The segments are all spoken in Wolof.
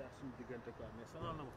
yàq suñu diggante quoi mais sonal na ma.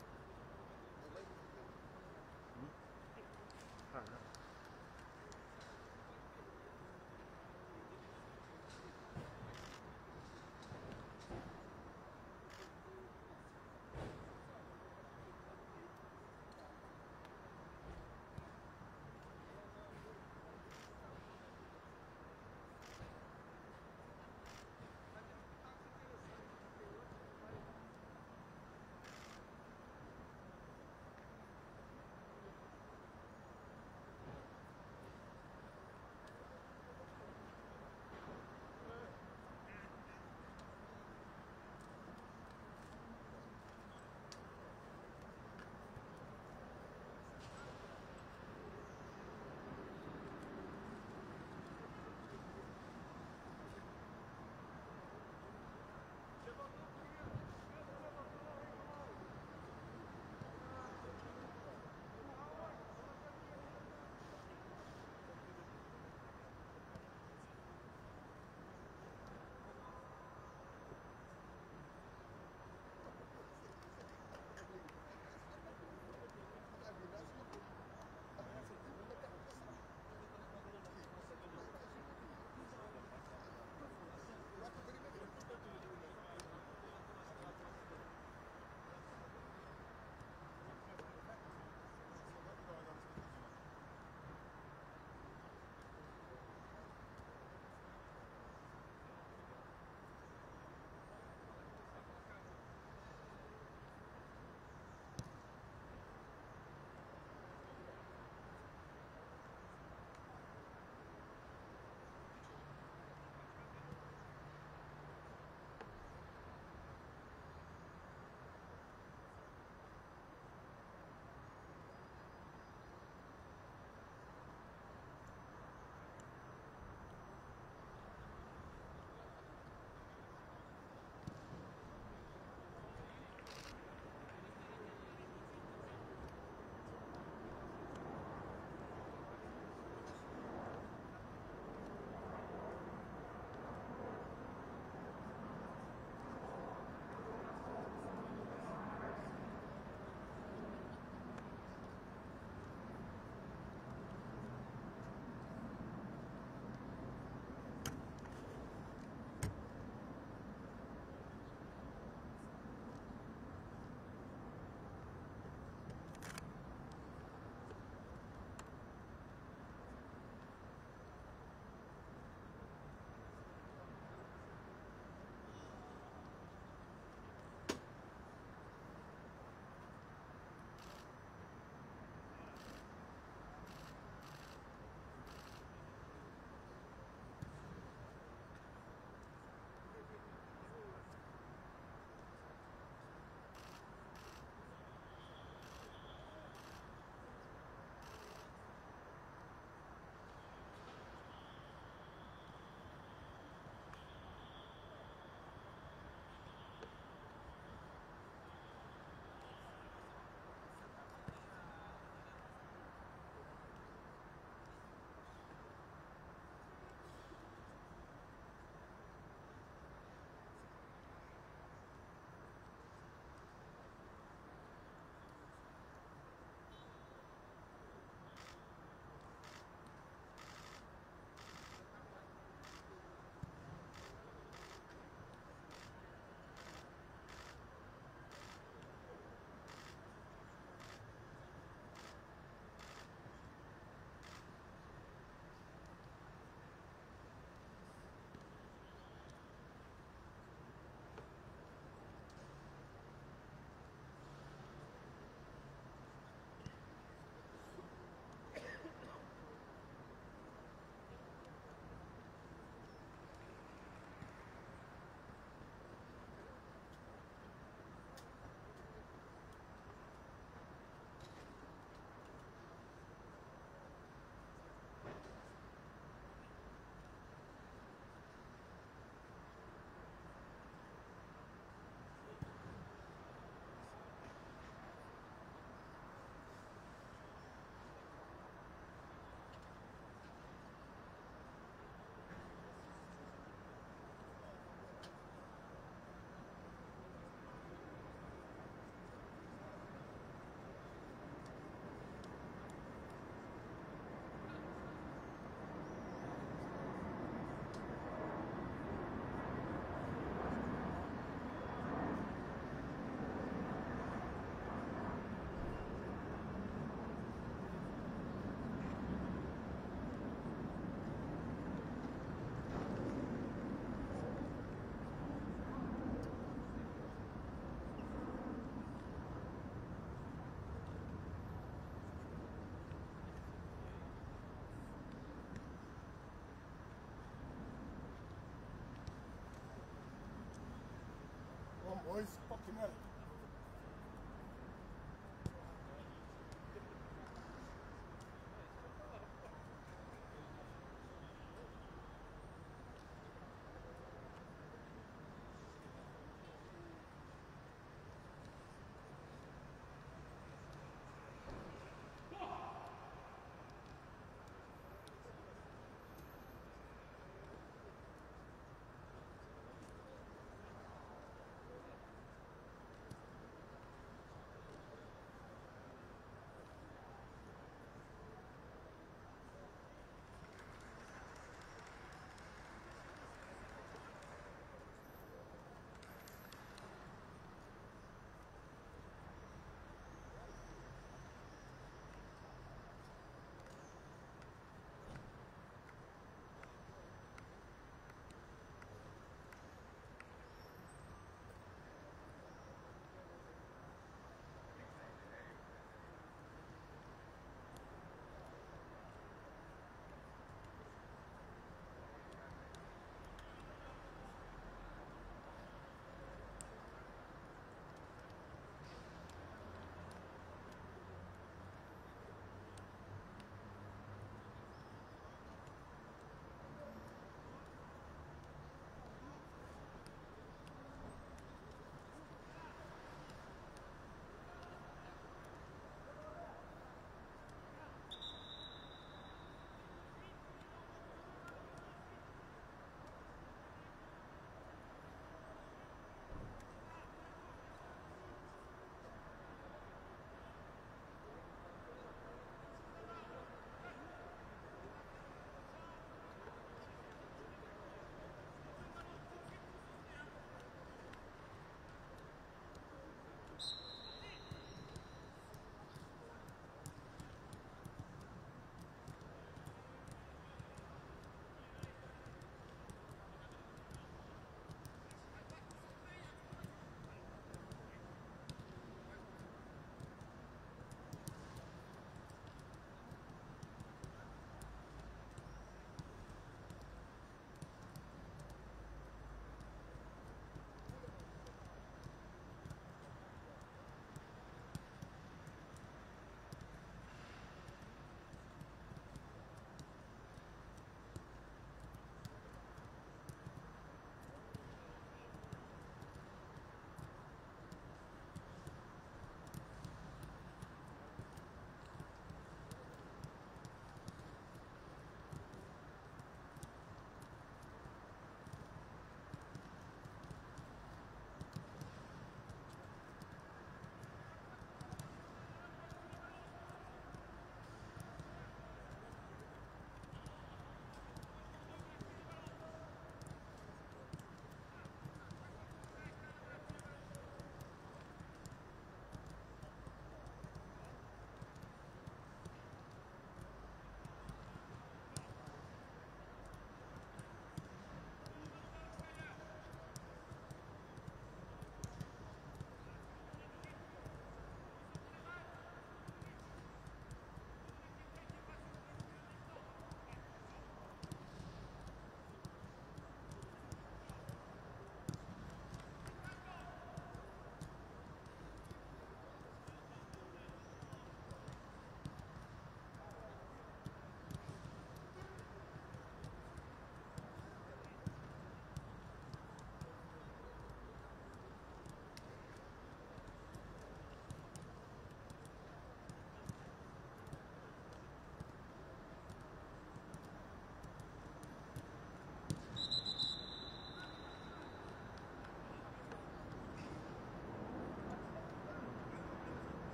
Connecticut.